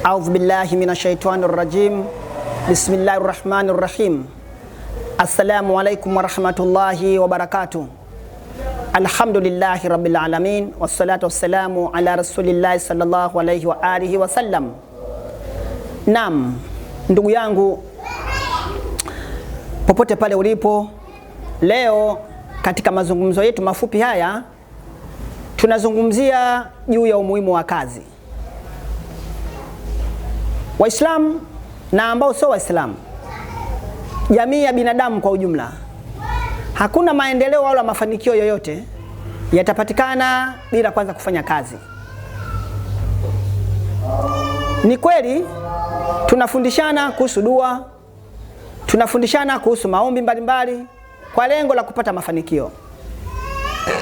Audhu billahi minashaitani rajim. Bismillahi rahmani rahim. Assalamu alaikum warahmatullahi wabarakatuh. Alhamdulillahi rabbil alamin wassalatu wassalamu ala rasulillahi sallallahu alayhi wa alihi wasallam. Naam, ndugu yangu popote pale ulipo, leo katika mazungumzo yetu mafupi haya tunazungumzia juu ya umuhimu wa kazi. Waislamu na ambao sio Waislamu, jamii ya binadamu kwa ujumla, hakuna maendeleo wala mafanikio yoyote yatapatikana bila kwanza kufanya kazi. Ni kweli tunafundishana kuhusu dua, tunafundishana kuhusu maombi mbalimbali kwa lengo la kupata mafanikio,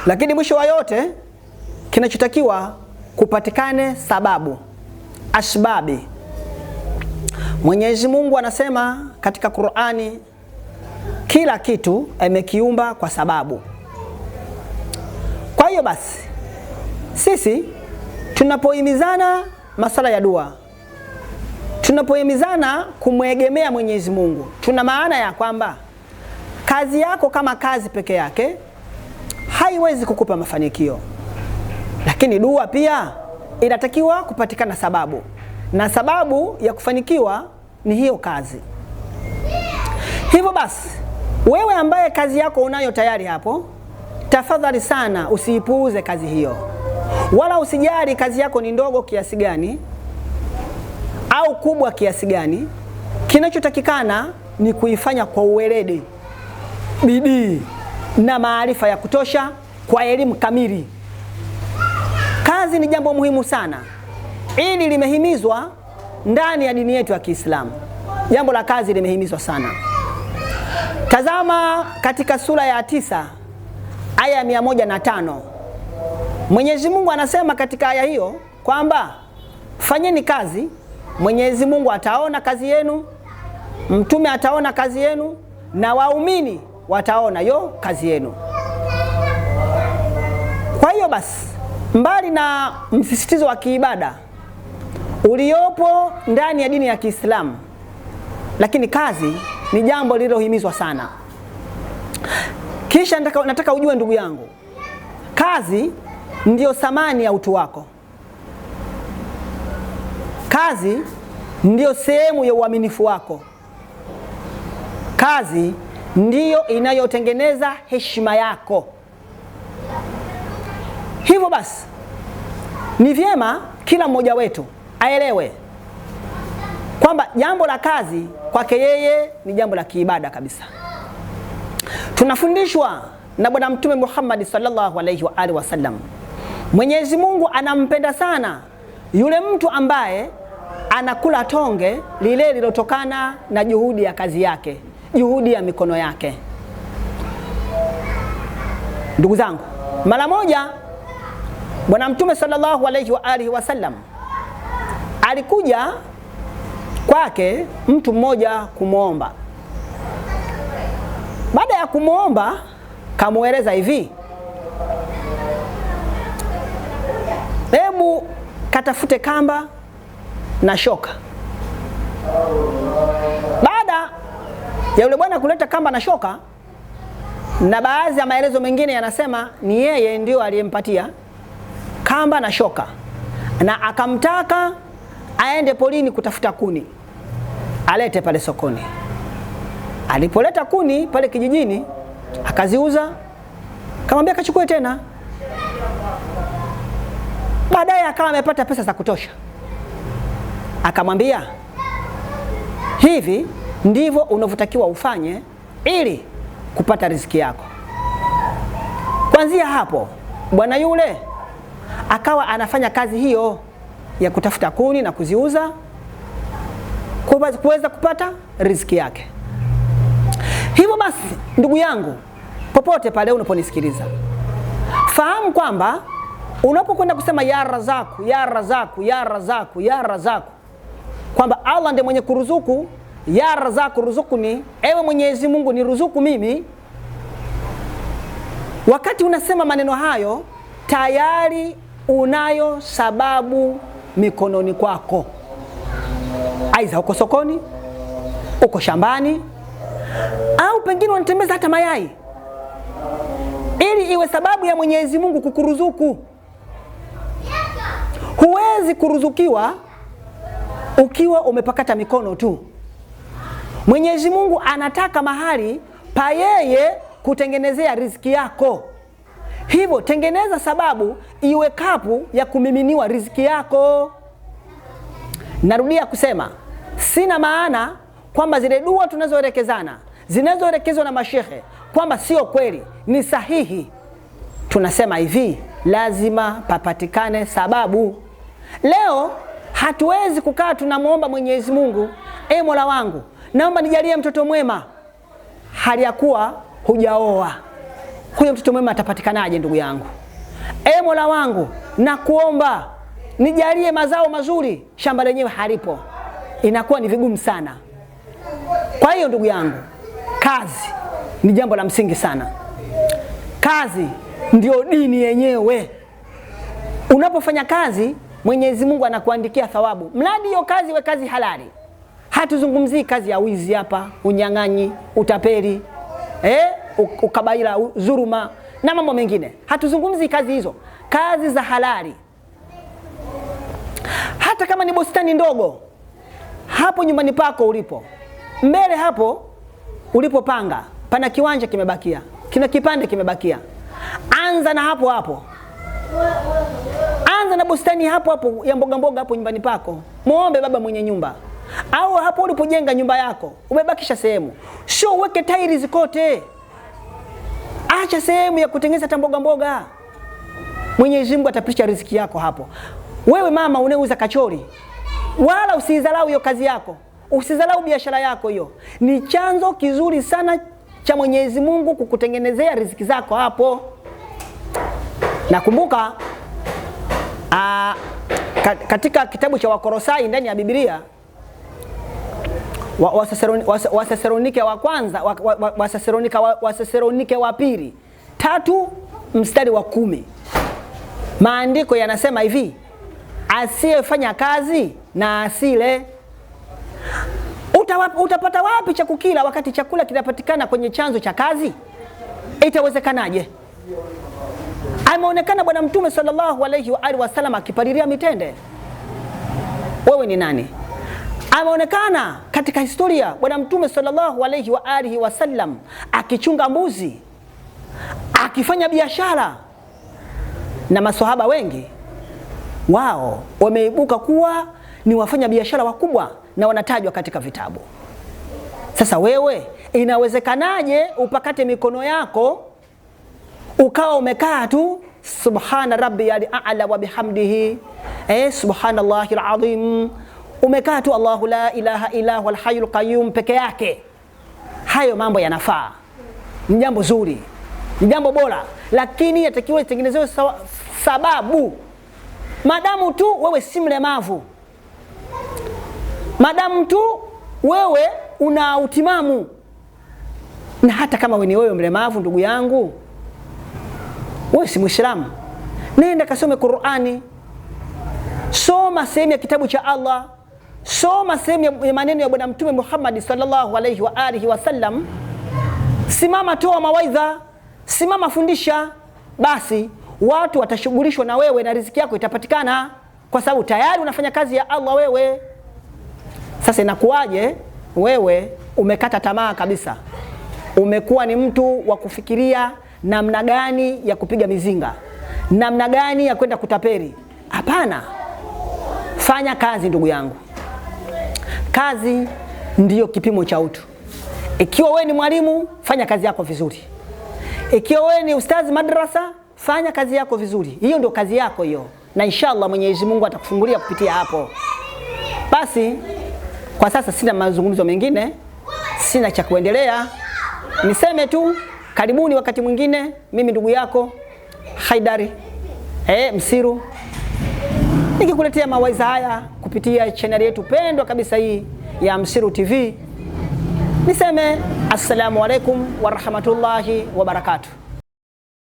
lakini mwisho wa yote kinachotakiwa kupatikane sababu, asbabi Mwenyezi Mungu anasema katika Qur'ani, kila kitu amekiumba kwa sababu. Kwa hiyo basi sisi tunapohimizana masala ya dua, tunapohimizana kumwegemea Mwenyezi Mungu, tuna maana ya kwamba kazi yako kama kazi peke yake haiwezi kukupa mafanikio, lakini dua pia inatakiwa kupatikana sababu na sababu ya kufanikiwa ni hiyo kazi. Hivyo basi, wewe ambaye kazi yako unayo tayari hapo, tafadhali sana usiipuuze kazi hiyo, wala usijali kazi yako ni ndogo kiasi gani au kubwa kiasi gani. Kinachotakikana ni kuifanya kwa uweledi, bidii na maarifa ya kutosha kwa elimu kamili. Kazi ni jambo muhimu sana. Idi limehimizwa ndani ya dini yetu ya Kiislamu. Jambo la kazi limehimizwa sana. Tazama katika sura ya tisa aya ya mia moja na tano Mwenyezi Mungu anasema katika aya hiyo kwamba fanyeni kazi, Mwenyezi Mungu ataona kazi yenu, mtume ataona kazi yenu, na waumini wataona yo kazi yenu. Kwa hiyo basi, mbali na msisitizo wa kiibada uliopo ndani ya dini ya Kiislamu, lakini kazi ni jambo lililohimizwa sana. Kisha nataka, nataka ujue ndugu yangu, kazi ndiyo thamani ya utu wako. Kazi ndiyo sehemu ya uaminifu wako. Kazi ndiyo inayotengeneza heshima yako. Hivyo basi, ni vyema kila mmoja wetu aelewe kwamba jambo la kazi kwake yeye ni jambo la kiibada kabisa. Tunafundishwa na Bwana Mtume Muhammad sallallahu alaihi wa alihi wasallam, Mwenyezi Mungu anampenda sana yule mtu ambaye anakula tonge lile lilotokana na juhudi ya kazi yake, juhudi ya mikono yake. Ndugu zangu, mara moja Bwana Mtume sallallahu alaihi wa alihi wasallam alikuja kwake mtu mmoja kumwomba. Baada ya kumwomba, kamweleza hivi, hebu katafute kamba na shoka. Baada ya yule bwana kuleta kamba na shoka, na baadhi ya maelezo mengine yanasema ni yeye ndio aliyempatia kamba na shoka, na akamtaka aende polini kutafuta kuni alete pale sokoni. Alipoleta kuni pale kijijini akaziuza, kamwambia kachukue tena. Baadaye akawa amepata pesa za kutosha, akamwambia hivi ndivyo unavyotakiwa ufanye ili kupata riziki yako. Kuanzia hapo, bwana yule akawa anafanya kazi hiyo ya kutafuta kuni na kuziuza kuweza kupata riziki yake. Hivyo basi, ndugu yangu, popote pale unaponisikiliza, fahamu kwamba unapokwenda kusema ya Razaku, ya Razaku, ya Razaku, ya Razaku, kwamba Allah ndiye mwenye kuruzuku. Ya Razaku, ruzuku ni ewe Mwenyezi Mungu, ni ruzuku mimi. Wakati unasema maneno hayo, tayari unayo sababu mikononi kwako, aidha uko sokoni, uko shambani, au pengine wanatembeza hata mayai, ili iwe sababu ya Mwenyezi Mungu kukuruzuku. Huwezi kuruzukiwa ukiwa umepakata mikono tu. Mwenyezi Mungu anataka mahali pa yeye kutengenezea riziki yako. Hivyo tengeneza sababu iwe kapu ya kumiminiwa riziki yako. Narudia kusema, sina maana kwamba zile dua tunazoelekezana zinazoelekezwa na mashehe kwamba sio kweli, ni sahihi. Tunasema hivi, lazima papatikane sababu. Leo hatuwezi kukaa tunamwomba Mwenyezi Mungu, e Mola wangu, naomba nijalie mtoto mwema, hali ya kuwa hujaoa huyo mtoto mwema atapatikanaje? Ndugu yangu, e Mola wangu, nakuomba nijalie mazao mazuri, shamba lenyewe halipo, inakuwa ni vigumu sana. Kwa hiyo ndugu yangu, kazi ni jambo la msingi sana. Kazi ndio dini yenyewe. Unapofanya kazi, Mwenyezi Mungu anakuandikia thawabu, mradi hiyo kazi we kazi halali. Hatuzungumzii kazi ya wizi hapa, unyang'anyi, utapeli eh? ukabaila, dhuluma na mambo mengine. Hatuzungumzi kazi hizo, kazi za halali, hata kama ni bustani ndogo hapo nyumbani pako ulipo, mbele hapo ulipopanga, pana kiwanja kimebakia, kina kipande kimebakia, anza na hapo hapo anza na bustani hapo hapo ya mboga mboga hapo nyumbani pako, muombe baba mwenye nyumba, au hapo ulipojenga nyumba yako umebakisha sehemu, sio uweke tairi zikote acha sehemu ya kutengeneza hata mboga mboga. Mwenyezi Mungu atapitisha riziki yako hapo. Wewe mama unauza kachori, wala usizalau hiyo kazi yako, usizalau biashara yako. Hiyo ni chanzo kizuri sana cha Mwenyezi Mungu kukutengenezea riziki zako hapo. Nakumbuka ah, katika kitabu cha Wakorosai ndani ya Biblia Wathesalonike wa kwanza, Wathesalonike wa pili tatu mstari wa kumi maandiko yanasema hivi, asiyefanya kazi na asile. Utawap, utapata wapi cha kukila wakati chakula kinapatikana kwenye chanzo cha kazi? Itawezekanaje? Ameonekana Bwana Mtume sallallahu alaihi wa alihi wasallam akipalilia mitende. Wewe ni nani? Ameonekana katika historia Bwana Mtume sallallahu alaihi wa alihi wasallam akichunga mbuzi, akifanya biashara, na maswahaba wengi wao wameibuka kuwa ni wafanya biashara wakubwa na wanatajwa katika vitabu. Sasa wewe, inawezekanaje upakate mikono yako ukawa umekaa tu subhana rabbiyal a'la wa bihamdihi eh, subhanallahi alazim umekaa tu Allahu la ilaha illa huwal hayyul qayyum peke yake, hayo mambo yanafaa, ni jambo zuri, ni jambo bora, lakini yatakiwa itengenezewe sababu. Madamu tu wewe si mlemavu, madamu tu wewe una utimamu, na hata kama ni wewe mlemavu, ndugu yangu, wewe si Muislamu, nenda kasome Qur'ani, soma sehemu ya kitabu cha Allah soma sehemu ya maneno ya Bwana Mtume Muhammad sallallahu alaihi wa alihi wasallam, simama, toa mawaidha, simama, fundisha, basi watu watashughulishwa na wewe na riziki yako itapatikana, kwa sababu tayari unafanya kazi ya Allah wewe. Sasa inakuwaje wewe umekata tamaa kabisa, umekuwa ni mtu wa kufikiria namna gani ya kupiga mizinga, namna gani ya kwenda kutaperi? Hapana, fanya kazi ndugu yangu. Kazi ndiyo kipimo cha utu. Ikiwa wewe ni mwalimu, fanya kazi yako vizuri. Ikiwa wewe ni ustazi madrasa, fanya kazi yako vizuri. Hiyo ndio kazi yako hiyo, na inshallah Mwenyezi Mungu atakufungulia kupitia hapo. Basi kwa sasa sina mazungumzo mengine, sina cha kuendelea. Niseme tu karibuni wakati mwingine. Mimi ndugu yako Haidari eh, Msiru nikikuletea mawaidha haya kupitia chaneli yetu pendwa kabisa hii ya Msiru TV. Niseme assalamu alaikum warahmatullahi wabarakatuh.